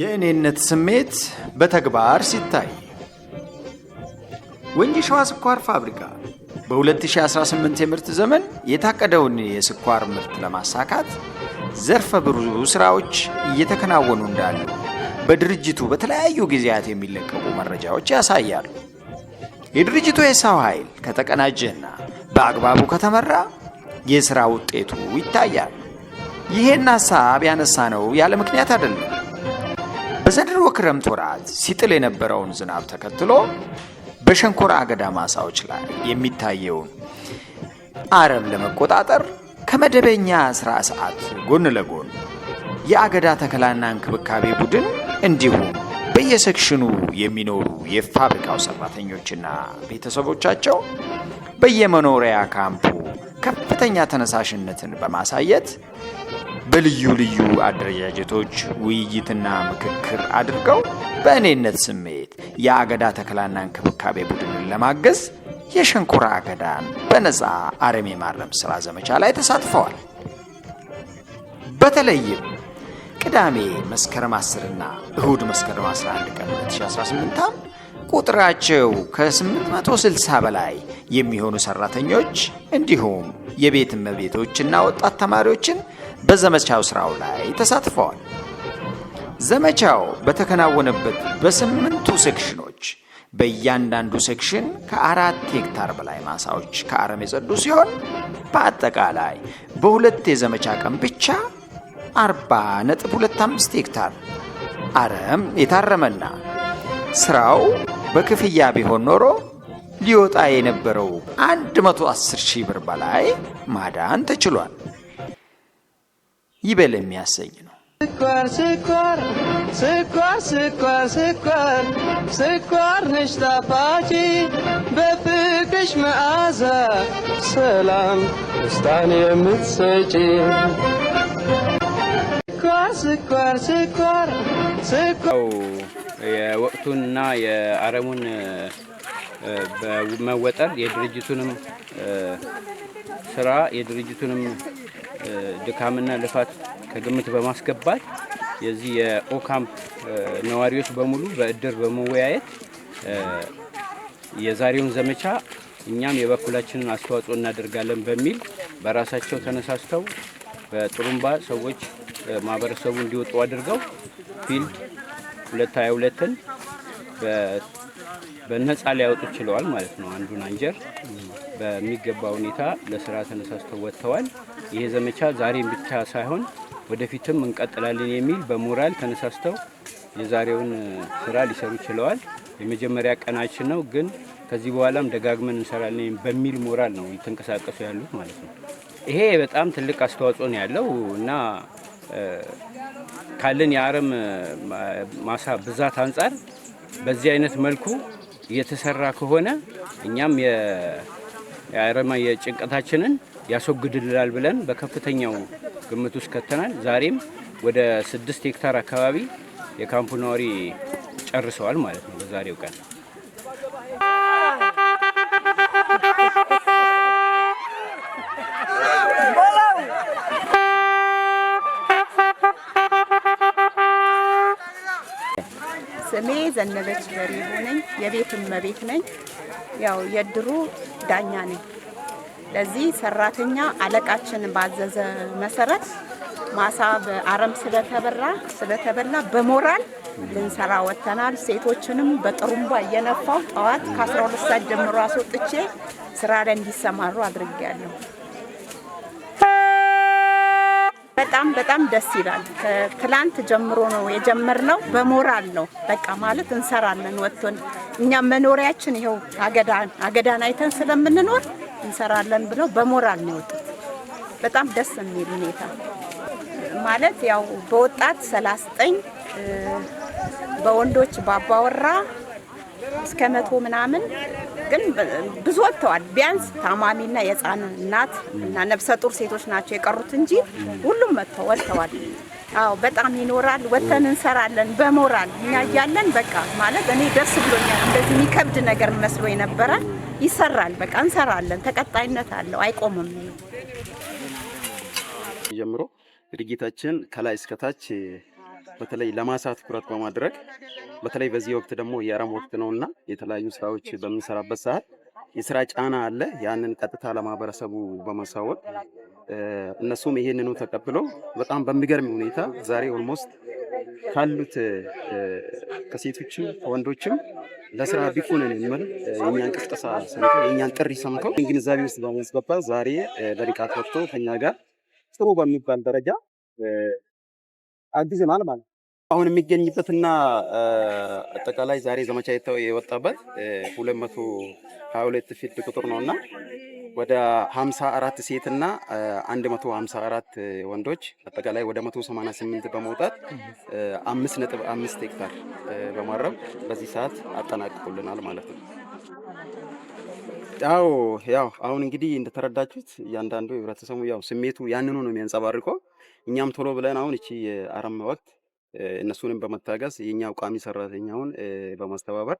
የእኔነት ስሜት በተግባር ሲታይ ወንጂ ሸዋ ስኳር ፋብሪካ በ2018 የምርት ዘመን የታቀደውን የስኳር ምርት ለማሳካት ዘርፈ ብዙ ስራዎች እየተከናወኑ እንዳሉ በድርጅቱ በተለያዩ ጊዜያት የሚለቀቁ መረጃዎች ያሳያሉ። የድርጅቱ የሰው ኃይል ከተቀናጀና በአግባቡ ከተመራ የሥራ ውጤቱ ይታያል። ይሄን ሐሳብ ነው ያለ ምክንያት አይደለም። በዘንድሮ ክረምት ወራት ሲጥል የነበረውን ዝናብ ተከትሎ በሸንኮራ አገዳ ማሳዎች ላይ የሚታየውን አረም ለመቆጣጠር ከመደበኛ ስራ ሰዓት ጎን ለጎን የአገዳ ተከላና እንክብካቤ ቡድን እንዲሁም በየሴክሽኑ የሚኖሩ የፋብሪካው ሰራተኞችና ቤተሰቦቻቸው በየመኖሪያ ካምፑ ከፍተኛ ተነሳሽነትን በማሳየት በልዩ ልዩ አደረጃጀቶች ውይይትና ምክክር አድርገው በእኔነት ስሜት የአገዳ ተከላና እንክብካቤ ቡድንን ለማገዝ የሸንኮራ አገዳን በነፃ አረም የማረም ሥራ ዘመቻ ላይ ተሳትፈዋል። በተለይም ቅዳሜ መስከረም 10ና እሁድ መስከረም 11 ቀን 2018 ዓ.ም ቁጥራቸው ከ860 በላይ የሚሆኑ ሰራተኞች እንዲሁም የቤት እመቤቶችና ወጣት ተማሪዎችን በዘመቻው ሥራው ላይ ተሳትፈዋል። ዘመቻው በተከናወነበት በስምንቱ ሴክሽኖች በእያንዳንዱ ሴክሽን ከአራት ሄክታር በላይ ማሳዎች ከአረም የጸዱ ሲሆን በአጠቃላይ በሁለት የዘመቻ ቀን ብቻ 40.25 ሄክታር አረም የታረመና ስራው በክፍያ ቢሆን ኖሮ ሊወጣ የነበረው 110 ሺህ ብር በላይ ማዳን ተችሏል። ይበል የሚያሰኝ ነው። ስኳር ስኳር ስኳር ስኳር ስኳር ስኳር ነሽ ጣፋጭ በፍቅሽ መዓዛ ሰላም ደስታን የምትሰጪ ስኳር ስኳር ስኳር የወቅቱንና የአረሙን በመወጠር የድርጅቱንም ስራ የድርጅቱንም ድካምና ልፋት ከግምት በማስገባት የዚህ የኦካምፕ ነዋሪዎች በሙሉ በእድር በመወያየት የዛሬውን ዘመቻ እኛም የበኩላችንን አስተዋጽኦ እናደርጋለን በሚል በራሳቸው ተነሳስተው በጥሩምባ ሰዎች ማህበረሰቡ እንዲወጡ አድርገው ፊልድ 222ን በነጻ ሊያወጡ ችለዋል ማለት ነው። አንዱን አንጀር በሚገባ ሁኔታ ለስራ ተነሳስተው ወጥተዋል። ይሄ ዘመቻ ዛሬም ብቻ ሳይሆን ወደፊትም እንቀጥላለን የሚል በሞራል ተነሳስተው የዛሬውን ስራ ሊሰሩ ችለዋል። የመጀመሪያ ቀናችን ነው፣ ግን ከዚህ በኋላም ደጋግመን እንሰራለን በሚል ሞራል ነው እየተንቀሳቀሱ ያሉት ማለት ነው። ይሄ በጣም ትልቅ አስተዋጽኦ ነው ያለው እና ካለን የአረም ማሳ ብዛት አንጻር በዚህ አይነት መልኩ እየተሰራ ከሆነ እኛም የአረማ የጭንቀታችንን ያስወግድልናል ብለን በከፍተኛው ግምት ውስጥ ከተናል። ዛሬም ወደ ስድስት ሄክታር አካባቢ የካምፑ ነዋሪ ጨርሰዋል ማለት ነው በዛሬው ቀን። ስሜ ዘነበች በሪ ሆነኝ። የቤት እመቤት ነኝ። ያው የድሩ ዳኛ ነኝ። ለዚህ ሰራተኛ አለቃችን ባዘዘ መሰረት ማሳ በአረም ስለተበራ ስለተበላ በሞራል ልንሰራ ወጥተናል። ሴቶችንም በጥሩምባ እየነፋው ጠዋት ከ12 ሰዓት ጀምሮ አስወጥቼ ስራ ላይ እንዲሰማሩ አድርጌያለሁ። በጣም በጣም ደስ ይላል። ከትላንት ጀምሮ ነው የጀመርነው። በሞራል ነው በቃ ማለት እንሰራለን። ወጥቶን እኛ መኖሪያችን ይኸው አገዳን አገዳን አይተን ስለምንኖር እንሰራለን ብለው በሞራል ነው የወጡት። በጣም ደስ የሚል ሁኔታ ማለት ያው በወጣት 39 በወንዶች ባባወራ እስከ መቶ ምናምን ግን ብዙ ወጥተዋል። ቢያንስ ታማሚና የህፃን እናት እና ነፍሰ ጡር ሴቶች ናቸው የቀሩት እንጂ ሁሉም መጥተው ወጥተዋል። አዎ በጣም ይኖራል። ወጥተን እንሰራለን በሞራል እኛ እያለን በቃ ማለት እኔ ደስ ብሎኛል። እንደዚህ የሚከብድ ነገር መስሎ ነበረ። ይሰራል። በቃ እንሰራለን። ተቀጣይነት አለው፣ አይቆምም። ጀምሮ ድርጊታችን ከላይ እስከታች በተለይ ለማሳ ትኩረት በማድረግ በተለይ በዚህ ወቅት ደግሞ የአረም ወቅት ነው እና የተለያዩ ስራዎች በምንሰራበት ሰዓት የስራ ጫና አለ። ያንን ቀጥታ ለማህበረሰቡ በማሳወቅ እነሱም ይህንኑ ተቀብሎ በጣም በሚገርም ሁኔታ ዛሬ ኦልሞስት ካሉት ከሴቶችም ከወንዶችም ለስራ ቢቁ ነን የሚል የእኛን ቅስቀሳ ሰምተው የእኛን ጥሪ ሰምተው ግንዛቤ ውስጥ በማስገባት ዛሬ በንቃት ወጥቶ ከኛ ጋር ጥሩ በሚባል ደረጃ አዲስ ማል ማለት አሁን የሚገኝበትና አጠቃላይ ዛሬ ዘመቻ የወጣበት ሁለት መቶ ሀያ ሁለት ፊልድ ቁጥር ነው እና ወደ 54 ሴትና 154 ወንዶች አጠቃላይ ወደ 188 በመውጣት 5.5 ሄክታር በማረም በዚህ ሰዓት አጠናቅቁልናል ማለት ነው። ያው ያው አሁን እንግዲህ እንደተረዳችሁት እያንዳንዱ ህብረተሰቡ ያው ስሜቱ ያንኑ ነው የሚያንጸባርቀው። እኛም ቶሎ ብለን አሁን እቺ የአረም ወቅት እነሱንም በመታገዝ የኛ ቋሚ ሰራተኛውን በማስተባበር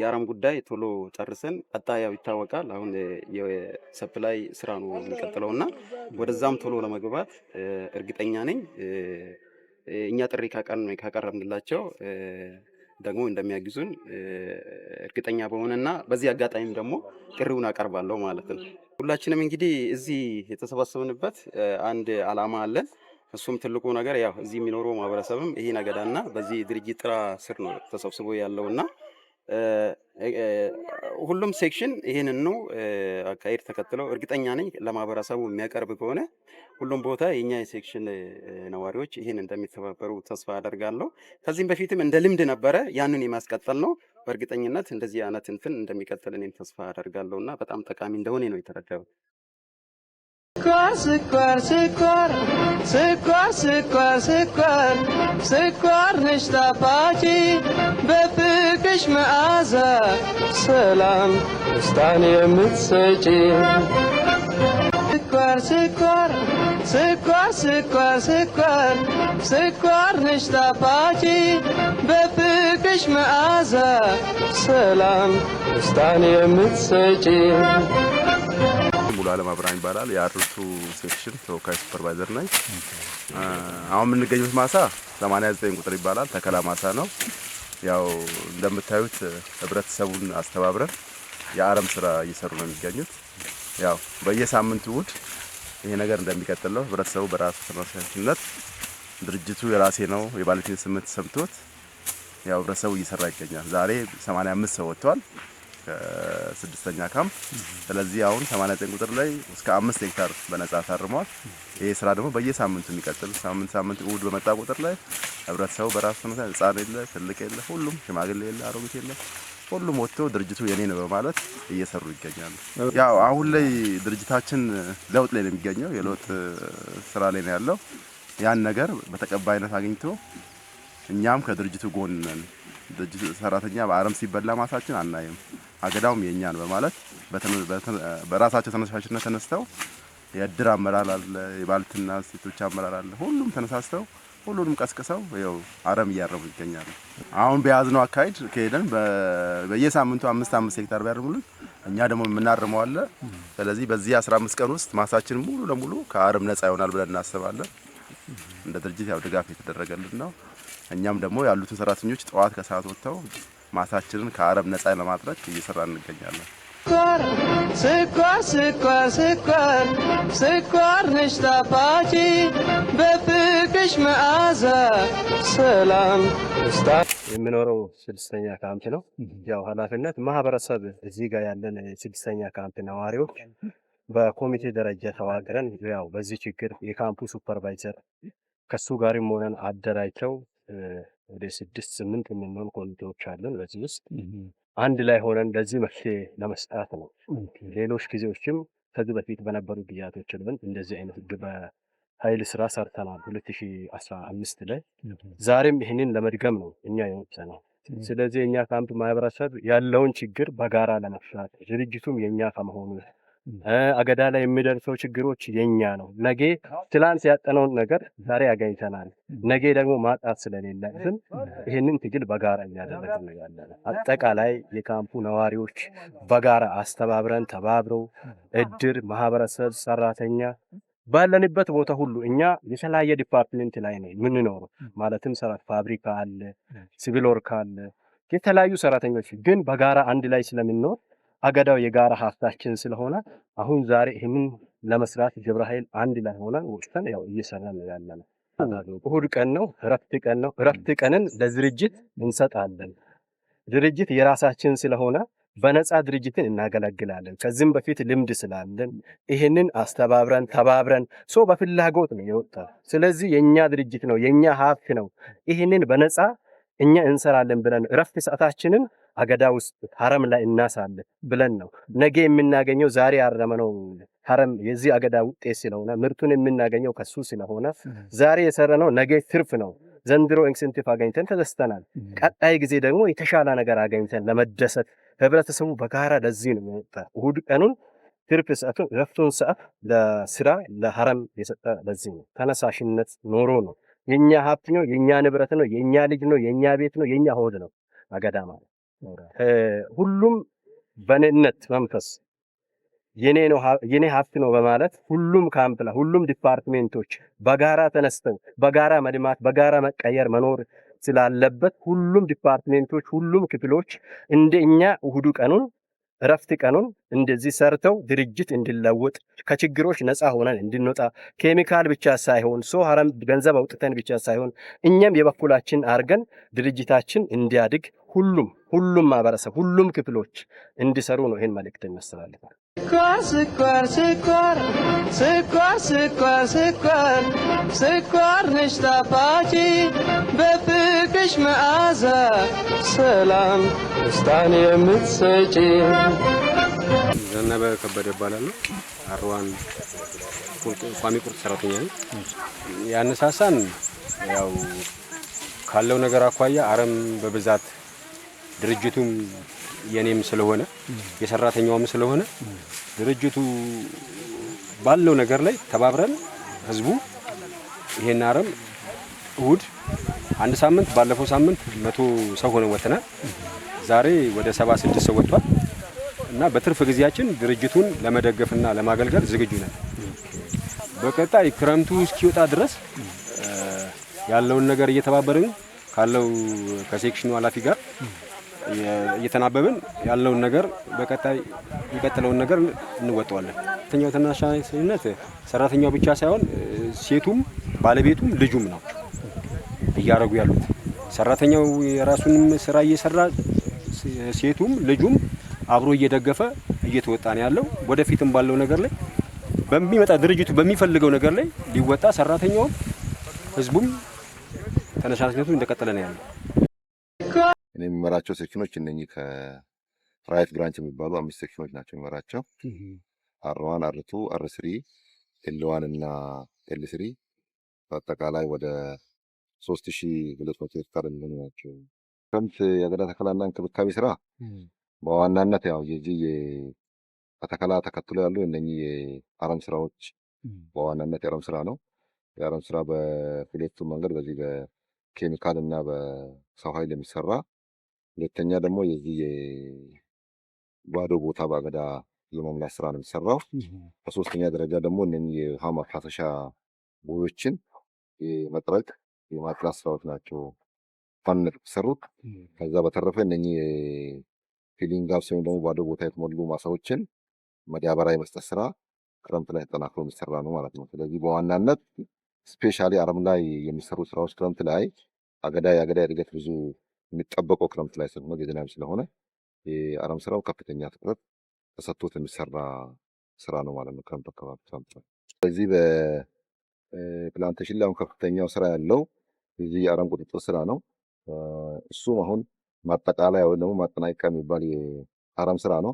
የአረም ጉዳይ ቶሎ ጨርሰን ቀጣይ ያው ይታወቃል። አሁን የሰፕላይ ስራ ነው የሚቀጥለው እና ወደዛም ቶሎ ለመግባት እርግጠኛ ነኝ። እኛ ጥሪ ካቀረብንላቸው ደግሞ እንደሚያግዙን እርግጠኛ በሆነና በዚህ አጋጣሚም ደግሞ ጥሪውን አቀርባለሁ ማለት ነው። ሁላችንም እንግዲህ እዚህ የተሰባሰብንበት አንድ አላማ አለን። እሱም ትልቁ ነገር ያው እዚህ የሚኖረው ማህበረሰብም ይሄ ነገዳና በዚህ ድርጅት ጥራ ስር ነው ተሰብስቦ ያለውና ሁሉም ሴክሽን ይህንን ነው አካሄድ ተከትለው እርግጠኛ ነኝ ለማህበረሰቡ የሚያቀርብ ከሆነ ሁሉም ቦታ የኛ የሴክሽን ነዋሪዎች ይህን እንደሚተባበሩ ተስፋ አደርጋለሁ። ከዚህም በፊትም እንደ ልምድ ነበረ፣ ያንን የማስቀጠል ነው። በእርግጠኝነት እንደዚህ አይነት እንትን እንደሚቀጥል እኔም ተስፋ አደርጋለሁ እና በጣም ጠቃሚ እንደሆነ ነው የተረዳው። ስኳር ስኳር ስኳር ስኳር ስኳር ስኳር ነሽ ጣፋጭ የፍቅርሽ መዓዛ ሰላም ደስታን የምትሰጪ ስኳር ስኳር ስኳር ስኳር ስኳር ስኳር ነሽ ጣፋጭ በፍቅሽ መዓዛ ሰላም ደስታን የምትሰጪ ሙሉ አለም አብርሃም ይባላል። የአርቱ ሴክሽን ተወካይ ሱፐርቫይዘር ነኝ። አሁን የምንገኝበት ማሳ 89 ቁጥር ይባላል። ተከላ ማሳ ነው። ያው እንደምታዩት ህብረተሰቡን አስተባብረን የአረም ስራ እየሰሩ ነው የሚገኙት። ያው በየሳምንቱ እሁድ ይሄ ነገር እንደሚቀጥል ነው። ህብረተሰቡ በራሱ ተነሳሽነት ድርጅቱ የራሴ ነው የባለቤትነት ስምንት ሰምቶት ያው ህብረተሰቡ እየሰራ ይገኛል። ዛሬ 85 ሰው ወጥቷል። ከስድስተኛ ካምፕ። ስለዚህ አሁን 89 ቁጥር ላይ እስከ አምስት ሄክታር በነጻ ታርሟል። ይሄ ስራ ደግሞ በየሳምንቱ የሚቀጥል ሳምንት ሳምንት እሁድ በመጣ ቁጥር ላይ ህብረተሰቡ በራሱ ሁኔታ ህጻን የለ ትልቅ የለ ሁሉም ሽማግሌ የለ አሮጊት የለ ሁሉም ወጥቶ ድርጅቱ የኔ ነው በማለት እየሰሩ ይገኛሉ። ያው አሁን ላይ ድርጅታችን ለውጥ ላይ ነው የሚገኘው፣ የለውጥ ስራ ላይ ነው ያለው። ያን ነገር በተቀባይነት አግኝቶ እኛም ከድርጅቱ ጎን ነን። ደጅ ሰራተኛ በአረም ሲበላ ማሳችን አናይም፣ አገዳውም የኛ ነው በማለት በራሳቸው ተነሳሽነት ተነስተው የእድር አመራር አለ፣ የባልትና ሴቶች አመራር አለ። ሁሉም ተነሳስተው ሁሉንም ቀስቅሰው ያው አረም እያረሙ ይገኛሉ። አሁን በያዝነው አካሄድ ከሄደን በየሳምንቱ አምስት አምስት ሄክታር ቢያርሙልን እኛ ደግሞ የምናርመው አለ። ስለዚህ በዚህ አምስት ቀን ውስጥ ማሳችን ሙሉ ለሙሉ ከአረም ነጻ ይሆናል ብለን እናስባለን። እንደ ድርጅት ያው ድጋፍ የተደረገልን ነው። እኛም ደግሞ ያሉትን ሰራተኞች ጠዋት ከሰዓት ወጥተው ማሳችንን ከአረም ነጻ ለማድረግ እየሰራ እንገኛለን። ስኳር ስኳር ስኳር ስኳር ነሽ ጣፋጭ በፍቅሽ መዓዛ ሰላም የምኖረው ስድስተኛ ካምፕ ነው። ያው ኃላፊነት ማህበረሰብ እዚህ ጋር ያለን ስድስተኛ ካምፕ ነዋሪዎች በኮሚቴ ደረጃ ተዋቅረን ያው በዚህ ችግር የካምፑ ሱፐርቫይዘር ከሱ ጋርም ሆነን አደራጅተው ወደ ስድስት ስምንት የምንሆን ኮሚቴዎች አለን። በዚህ ውስጥ አንድ ላይ ሆነን ለዚህ መፍትሄ ለመስጠት ነው። ሌሎች ጊዜዎችም ከዚህ በፊት በነበሩ ጊዜያቶች ልብን እንደዚህ አይነት በኃይል ስራ ሰርተናል። ሁለት ሺህ አስራ አምስት ላይ ዛሬም ይህንን ለመድገም ነው እኛ የወጥ ነው። ስለዚህ የእኛ ካምፕ ማህበረሰብ ያለውን ችግር በጋራ ለመፍታት ድርጅቱም የእኛ ከመሆኑ አገዳ ላይ የሚደርሰው ችግሮች የኛ ነው። ነገ ትላንት ያጠነውን ነገር ዛሬ አገኝተናል። ነገ ደግሞ ማጣት ስለሌለብን ይህንን ትግል በጋራ ነው ያለ። አጠቃላይ የካምፑ ነዋሪዎች በጋራ አስተባብረን ተባብረው እድር፣ ማህበረሰብ፣ ሰራተኛ ባለንበት ቦታ ሁሉ እኛ የተለያየ ዲፓርትመንት ላይ ነው የምንኖረው። ማለትም ሰራት ፋብሪካ አለ፣ ሲቪል ወርክ አለ፣ የተለያዩ ሰራተኞች ግን በጋራ አንድ ላይ ስለምንኖር አገዳው የጋራ ሀብታችን ስለሆነ አሁን ዛሬ ይህንን ለመስራት ግብረ ኃይል አንድ ላይ ሆነን ወጥተን ያው እየሰራን ያለ ነው። እሁድ ቀን ነው፣ እረፍት ቀን ነው። እረፍት ቀንን ለድርጅት እንሰጣለን። ድርጅት የራሳችን ስለሆነ በነፃ ድርጅትን እናገለግላለን። ከዚህም በፊት ልምድ ስላለን ይህንን አስተባብረን ተባብረን ሶ በፍላጎት ነው የወጣ። ስለዚህ የእኛ ድርጅት ነው፣ የእኛ ሀብት ነው። ይህንን በነፃ እኛ እንሰራለን ብለን እረፍት ሰዓታችንን አገዳ ውስጥ ሀረም ላይ እናሳለን ብለን ነው። ነገ የምናገኘው ዛሬ ያረመነው ሀረም የዚህ አገዳ ውጤት ስለሆነ ምርቱን የምናገኘው ከሱ ስለሆነ ዛሬ ነው ነገ ትርፍ ነው። ዘንድሮ ኢንሴንቲቭ አገኝተን ተደስተናል። ቀጣይ ጊዜ ደግሞ የተሻለ ነገር አገኝተን ለመደሰት ህብረተሰቡ በጋራ ለዚህ ነው የመጣ እሁድ ቀኑን ትርፍ ሰዓቱን ረፍቱን ሰዓት ለስራ ለሀረም የሰጠ ለዚህ ነው ተነሳሽነት ኖሮ ነው። የኛ ሀብት ነው፣ የኛ ንብረት ነው፣ የኛ ልጅ ነው፣ የእኛ ቤት ነው፣ የኛ ሆድ ነው አገዳ ማለት ሁሉም በኔነት መንፈስ የኔ ሀብት ነው በማለት ሁሉም ካምፕ ላይ ሁሉም ዲፓርትሜንቶች በጋራ ተነስተን በጋራ መድማት በጋራ መቀየር መኖር ስላለበት ሁሉም ዲፓርትሜንቶች ሁሉም ክፍሎች እንደኛ እኛ እሁዱ ቀኑን እረፍት ቀኑን እንደዚህ ሰርተው ድርጅት እንዲለወጥ ከችግሮች ነፃ ሆነን እንድንወጣ ኬሚካል ብቻ ሳይሆን ሰው ሀረም ገንዘብ አውጥተን ብቻ ሳይሆን እኛም የበኩላችን አርገን ድርጅታችን እንዲያድግ ሁሉም ሁሉም ማህበረሰብ ሁሉም ክፍሎች እንዲሰሩ ነው ይህን መልእክት የሚያስተላልፋል። ስኳር ስኳር ስኳር ስኳር ስኳር ስኳር ነሽ ጣፋጭ በፍቅሽ መዓዛ ሰላም ደስታን የምትሰጪ ዘነበ ከበደ ይባላል። አርዋን ቋሚ ቁርጥ ሰራተኛ ነው። ያነሳሳን ያው ካለው ነገር አኳያ አረም በብዛት ድርጅቱም የኔም ስለሆነ የሰራተኛውም ስለሆነ ድርጅቱ ባለው ነገር ላይ ተባብረን ህዝቡ ይሄን አረም እሁድ አንድ ሳምንት ባለፈው ሳምንት መቶ ሰው ሆነ ወጥተናል። ዛሬ ወደ ሰባ ስድስት ሰው ወጥቷል። እና በትርፍ ጊዜያችን ድርጅቱን ለመደገፍና ለማገልገል ዝግጁ ነን። በቀጣይ ክረምቱ እስኪወጣ ድረስ ያለውን ነገር እየተባበርን ካለው ከሴክሽኑ ኃላፊ ጋር እየተናበብን ያለውን ነገር በቀጣይ የሚቀጥለውን ነገር እንወጣዋለን። ተኛው ተነሳሽነት ሰራተኛው ብቻ ሳይሆን ሴቱም ባለቤቱም ልጁም ነው እያደረጉ ያሉት። ሰራተኛው የራሱንም ስራ እየሰራ ሴቱም ልጁም አብሮ እየደገፈ እየተወጣ ነው ያለው። ወደፊትም ባለው ነገር ላይ በሚመጣ ድርጅቱ በሚፈልገው ነገር ላይ ሊወጣ ሰራተኛውም ህዝቡም ተነሳሽነቱ እንደቀጠለ ነው ያለው። እኔ የሚመራቸው ሴክሽኖች እነኚህ ከራይት ብራንች የሚባሉ አምስት ሴክሽኖች ናቸው የሚመራቸው አርዋን፣ አርቱ፣ አርስሪ፣ ኤልዋን እና ኤልስሪ በአጠቃላይ ወደ ሶስት ሺህ ሁለት መቶ ሄክታር የሚሆኑ ናቸው። ክረምት የአገዳ ተከላና እንክብካቤ ስራ በዋናነት ያው የዚህ ከተከላ ተከትሎ ያሉ እነኚህ የአረም ስራዎች በዋናነት የአረም ስራ ነው። የአረም ስራ በሁለቱም መንገድ በዚህ በኬሚካል እና በሰው ኃይል የሚሰራ ሁለተኛ ደግሞ የዚህ ባዶ ቦታ በአገዳ የመሙላት ስራ ነው የሚሰራው። በሶስተኛ ደረጃ ደግሞ እነኚህ የውሃ ማፋሰሻ ቦዮችን የመጥረቅ የማጥራት ስራዎች ናቸው ፋንነት የሚሰሩት። ከዛ በተረፈ እነኚህ ፊሊንግ ጋፕስ ወይም ደግሞ ባዶ ቦታ የተሞሉ ማሳዎችን መዳበራዊ የመስጠት ስራ ክረምት ላይ ተጠናክሮ የሚሰራ ነው ማለት ነው። ስለዚህ በዋናነት ስፔሻሊ አረም ላይ የሚሰሩ ስራዎች ክረምት ላይ አገዳ የአገዳ እድገት ብዙ የሚጠበቀው ክረምት ላይ ስለሆነ ጊዜናም ስለሆነ የአረም ስራው ከፍተኛ ትኩረት ተሰጥቶት የሚሰራ ስራ ነው ማለት ነው። ክረምት አካባቢ ክረምት ላይ ስለዚህ በፕላንቴሽን ላይ አሁን ከፍተኛው ስራ ያለው የዚህ የአረም ቁጥጥር ስራ ነው። እሱም አሁን ማጠቃለያ ወይም ደግሞ ማጠናቀቂያ የሚባል የአረም ስራ ነው።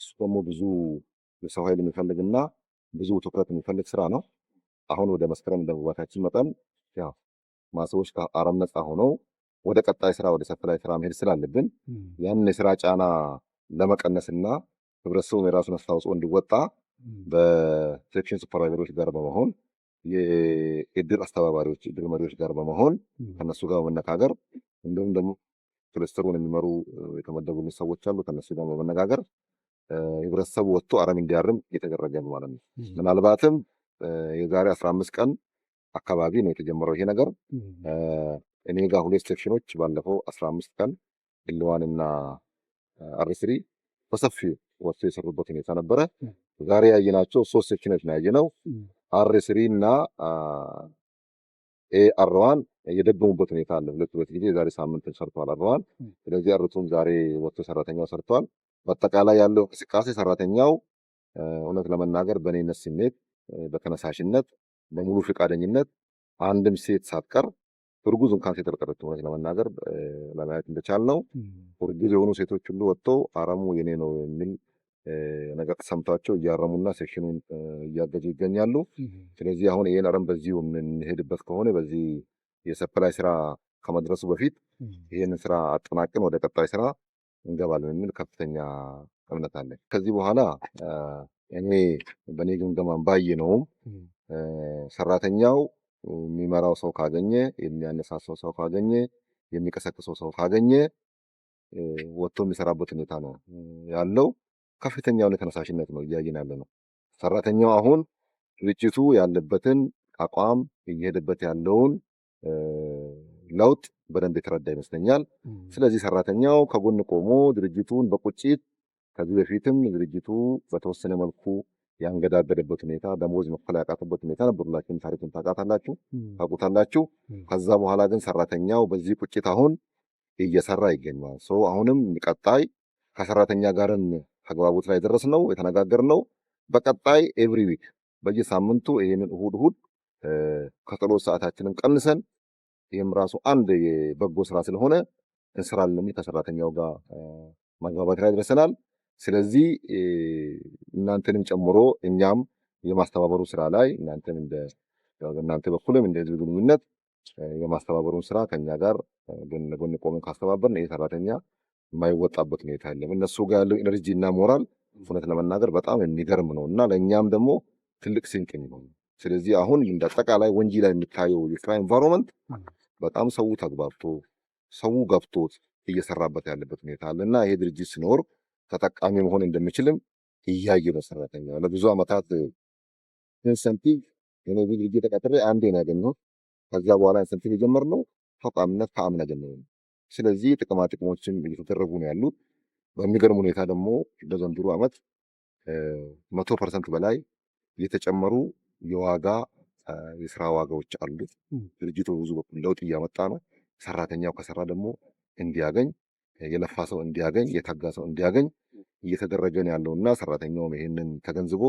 እሱ ደግሞ ብዙ የሰው ኃይል የሚፈልግ እና ብዙ ትኩረት የሚፈልግ ስራ ነው። አሁን ወደ መስከረም እንደመግባታችን መጠን ያው ማሰቦች ከአረም ነፃ ሆነው ወደ ቀጣይ ስራ ወደ ሰፍ ስራ መሄድ ስላለብን ያንን የስራ ጫና ለመቀነስና ህብረተሰቡ የራሱን አስተዋጽኦ እንዲወጣ በሴክሽን ሱፐርቫይዘሮች ጋር በመሆን የእድር አስተባባሪዎች እድር መሪዎች ጋር በመሆን ከነሱ ጋር በመነጋገር እንዲሁም ደግሞ ሚኒስትሩን የሚመሩ የተመደቡልን ሰዎች አሉ። ከነሱ ጋር በመነጋገር ህብረተሰቡ ወጥቶ አረም እንዲያርም እየተደረገ ነው ማለት ነው። ምናልባትም የዛሬ አስራ አምስት ቀን አካባቢ ነው የተጀመረው ይሄ ነገር። እኔ ጋር ሁለት ሴክሽኖች ባለፈው አስራ አምስት ቀን እልዋንና አርስሪ በሰፊ ወጥቶ የሰሩበት ሁኔታ ነበረ። ዛሬ ያየናቸው ሶስት ሴክሽኖች ነው ያየነው አርስሪ እና ኤአርዋን የደገሙበት ሁኔታ አለ። ሁለት ሁለት ጊዜ የዛሬ ሳምንት ሰርተዋል አድረዋል። ስለዚህ አርቱም ዛሬ ወጥቶ ሰራተኛው ሰርተዋል። በአጠቃላይ ያለው እንቅስቃሴ ሰራተኛው እውነት ለመናገር በእኔነት ስሜት፣ በተነሳሽነት፣ በሙሉ ፈቃደኝነት አንድም ሴት ሳትቀር እርጉዝ እንኳን ሴት አልቀረችም። እውነት ለመናገር ለማየት እንደቻል ነው እርጉዝ የሆኑ ሴቶች ሁሉ ወጥተው አረሙ የኔ ነው የሚል ነገር ተሰምቷቸው እያረሙና ሴክሽኑን እያገዙ ይገኛሉ። ስለዚህ አሁን ይህን አረም በዚሁ የምንሄድበት ከሆነ በዚህ የሰፕላይ ስራ ከመድረሱ በፊት ይህንን ስራ አጠናቅን ወደ ቀጣይ ስራ እንገባለን የሚል ከፍተኛ እምነት አለን። ከዚህ በኋላ እኔ በእኔ ግምገማን ባየ ነውም ሰራተኛው የሚመራው ሰው ካገኘ፣ የሚያነሳሰው ሰው ካገኘ፣ የሚቀሰቅሰው ሰው ካገኘ ወጥቶ የሚሰራበት ሁኔታ ነው ያለው። ከፍተኛ የሆነ ተነሳሽነት ነው እያየን ያለ ነው። ሰራተኛው አሁን ድርጅቱ ያለበትን አቋም እየሄደበት ያለውን ለውጥ በደንብ የተረዳ ይመስለኛል። ስለዚህ ሰራተኛው ከጎን ቆሞ ድርጅቱን በቁጭት ከዚህ በፊትም ድርጅቱ በተወሰነ መልኩ ያንገዳገደበት ሁኔታ ደሞዝ መክፈል ያቃተበት ሁኔታ ነበር። ሁላችሁም ታሪኩን ታውቃታላችሁ፣ ታውቁታላችሁ። ከዛ በኋላ ግን ሰራተኛው በዚህ ቁጭት አሁን እየሰራ ይገኛል። ሶ አሁንም ቀጣይ ከሰራተኛ ጋርን ተግባቦት ላይ የተነጋገር ነው። በቀጣይ ኤቭሪ ዊክ በየሳምንቱ ይህንን እሁድ እሁድ ከጸሎት ሰዓታችንን ቀንሰን ይህም ራሱ አንድ የበጎ ስራ ስለሆነ እንስራለን ከሰራተኛው ጋር ማግባባት ላይ ደርሰናል። ስለዚህ እናንተንም ጨምሮ እኛም የማስተባበሩ ስራ ላይ እናንተም እናንተ በኩልም እንደ ህዝብ ግንኙነት የማስተባበሩን ስራ ከኛ ጋር ጎን ለጎን ቆመን ካስተባበርን ይህ ሰራተኛ የማይወጣበት ሁኔታ የለም። እነሱ ጋር ያለው ኤነርጂ እና ሞራል እውነት ለመናገር በጣም የሚገርም ነው እና ለእኛም ደግሞ ትልቅ ስንቅ ነው። ስለዚህ አሁን እንደ አጠቃላይ ወንጂ ላይ የሚታየው የስራ ኤንቫይሮንመንት በጣም ሰው ተግባብቶ ሰው ገብቶት እየሰራበት ያለበት ሁኔታ አለ እና ይሄ ድርጅት ሲኖር ተጠቃሚ መሆን እንደሚችልም እያየ መሰረተኛ ለብዙ ዓመታት ኢንሰንቲቭ የነዚህ ድርጅት ተቀጥሬ አንዴ ነው ያገኘሁት። ከዛ በኋላ ኢንሰንቲቭ የጀመርነው ተቋምነት ከአምና ጀምሮ ነው። ስለዚህ ጥቅማ ጥቅሞችም እየተደረጉ ነው ያሉት። በሚገርም ሁኔታ ደግሞ በዘንድሮ ዓመት መቶ ፐርሰንት በላይ የተጨመሩ የዋጋ የስራ ዋጋዎች አሉት። ድርጅቱ ብዙ በኩል ለውጥ እያመጣ ነው። ሰራተኛው ከሰራ ደግሞ እንዲያገኝ የለፋ ሰው እንዲያገኝ የታጋ ሰው እንዲያገኝ እየተደረገ ነው ያለው እና ሰራተኛውም ይሄንን ተገንዝቦ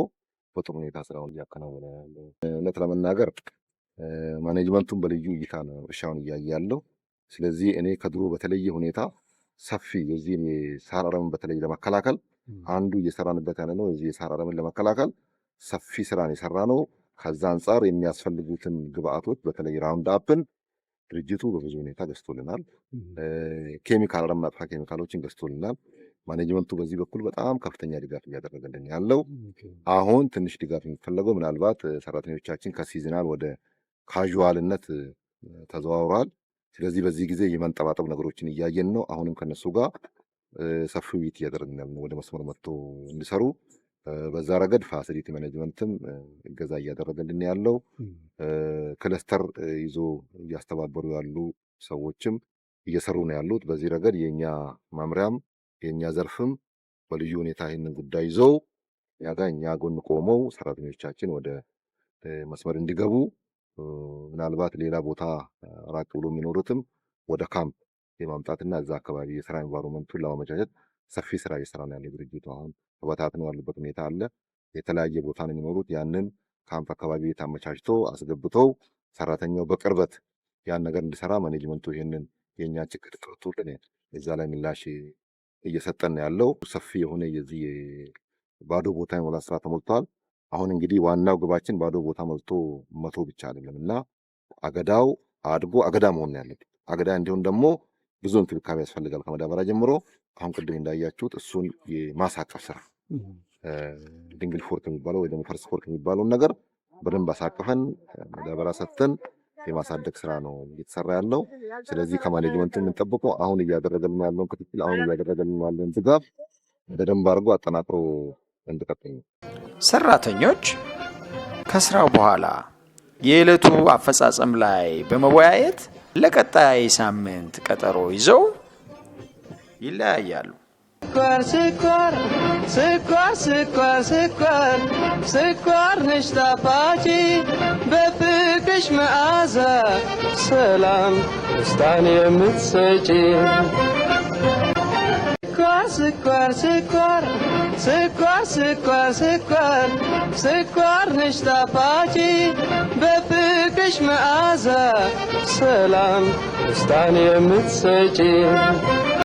በጥሩ ሁኔታ ስራውን እያከናወነ ያለው። እውነት ለመናገር ማኔጅመንቱን በልዩ እይታ ነው እርሻውን እያየ ያለው። ስለዚህ እኔ ከድሮ በተለየ ሁኔታ ሰፊ የዚህን የሳር አረምን በተለይ ለመከላከል አንዱ እየሰራንበት ያለ ነው። የዚህ የሳር አረምን ለመከላከል ሰፊ ስራን የሰራ ነው። ከዛ አንጻር የሚያስፈልጉትን ግብአቶች በተለይ ራውንድ አፕን ድርጅቱ በብዙ ሁኔታ ገዝቶልናል። ኬሚካል አረም ማጥፋ ኬሚካሎችን ገዝቶልናል። ማኔጅመንቱ በዚህ በኩል በጣም ከፍተኛ ድጋፍ እያደረገልን ያለው አሁን ትንሽ ድጋፍ የሚፈለገው ምናልባት ሰራተኞቻችን ከሲዝናል ወደ ካዥዋልነት ተዘዋውረዋል። ስለዚህ በዚህ ጊዜ የመንጠባጠብ ነገሮችን እያየን ነው። አሁንም ከነሱ ጋር ሰፊ ውይይት እያደረግን ወደ መስመር መጥቶ እንዲሰሩ በዛ ረገድ ፋሲሊቲ ማኔጅመንትም እገዛ እያደረገልን ያለው ክለስተር ይዞ እያስተባበሩ ያሉ ሰዎችም እየሰሩ ነው ያሉት። በዚህ ረገድ የእኛ መምሪያም የእኛ ዘርፍም በልዩ ሁኔታ ይህንን ጉዳይ ይዘው ያጋ እኛ ጎን ቆመው ሰራተኞቻችን ወደ መስመር እንዲገቡ ምናልባት ሌላ ቦታ ራቅ ብሎ የሚኖሩትም ወደ ካምፕ የማምጣትና እዛ አካባቢ የስራ ኤንቫይሮመንቱን ለማመቻቸት ሰፊ ስራ እየሰራ ነው ያለው ድርጅቱ አሁን ተበታትነው ያሉበት ሁኔታ አለ። የተለያየ ቦታ ነው የሚኖሩት። ያንን ካምፕ አካባቢ ቤት አመቻችቶ አስገብቶ ሰራተኛው በቅርበት ያን ነገር እንዲሰራ ማኔጅመንቱ ይህንን የእኛ ችግር ቀርቶልን እዛ ላይ ምላሽ እየሰጠን ያለው ሰፊ የሆነ የዚህ ባዶ ቦታ የሞላ ስራ ተሞልቷል። አሁን እንግዲህ ዋናው ግባችን ባዶ ቦታ ሞልቶ መቶ ብቻ አይደለም እና አገዳው አድጎ አገዳ መሆን ያለበት አገዳ እንዲሁም ደግሞ ብዙ እንክብካቤ ያስፈልጋል። ከመዳበሪያ ጀምሮ አሁን ቅድም እንዳያችሁት እሱን የማሳቀፍ ስራ ድንግል ፎርክ የሚባለው ወይ ደግሞ ፈርስ ፎርክ የሚባለውን ነገር በደንብ አሳቅፈን መዳበሪያ ሰጥተን የማሳደግ ስራ ነው እየተሰራ ያለው። ስለዚህ ከማኔጅመንት የምንጠብቀው አሁን እያደረገልን ያለውን ክትትል፣ አሁን እያደረገልን ያለውን ድጋፍ በደንብ አድርጎ አጠናቅሮ እንድቀጥል ሰራተኞች ከስራ በኋላ የዕለቱ አፈጻጸም ላይ በመወያየት ለቀጣይ ሳምንት ቀጠሮ ይዘው ይለያያሉ። ስኳር ስኳር ስኳር ስኳር ስኳር ስኳር ነሽ ጣፋጭ በፍቅሽ መዓዛ ሰላም ደስታን የምትሰጪ ስኳር ስኳር ስኳር ስኳር ስኳር ስኳር ነሽ ጣፋጭ በፍቅሽ መዓዛ ሰላም ደስታን የምትሰጪ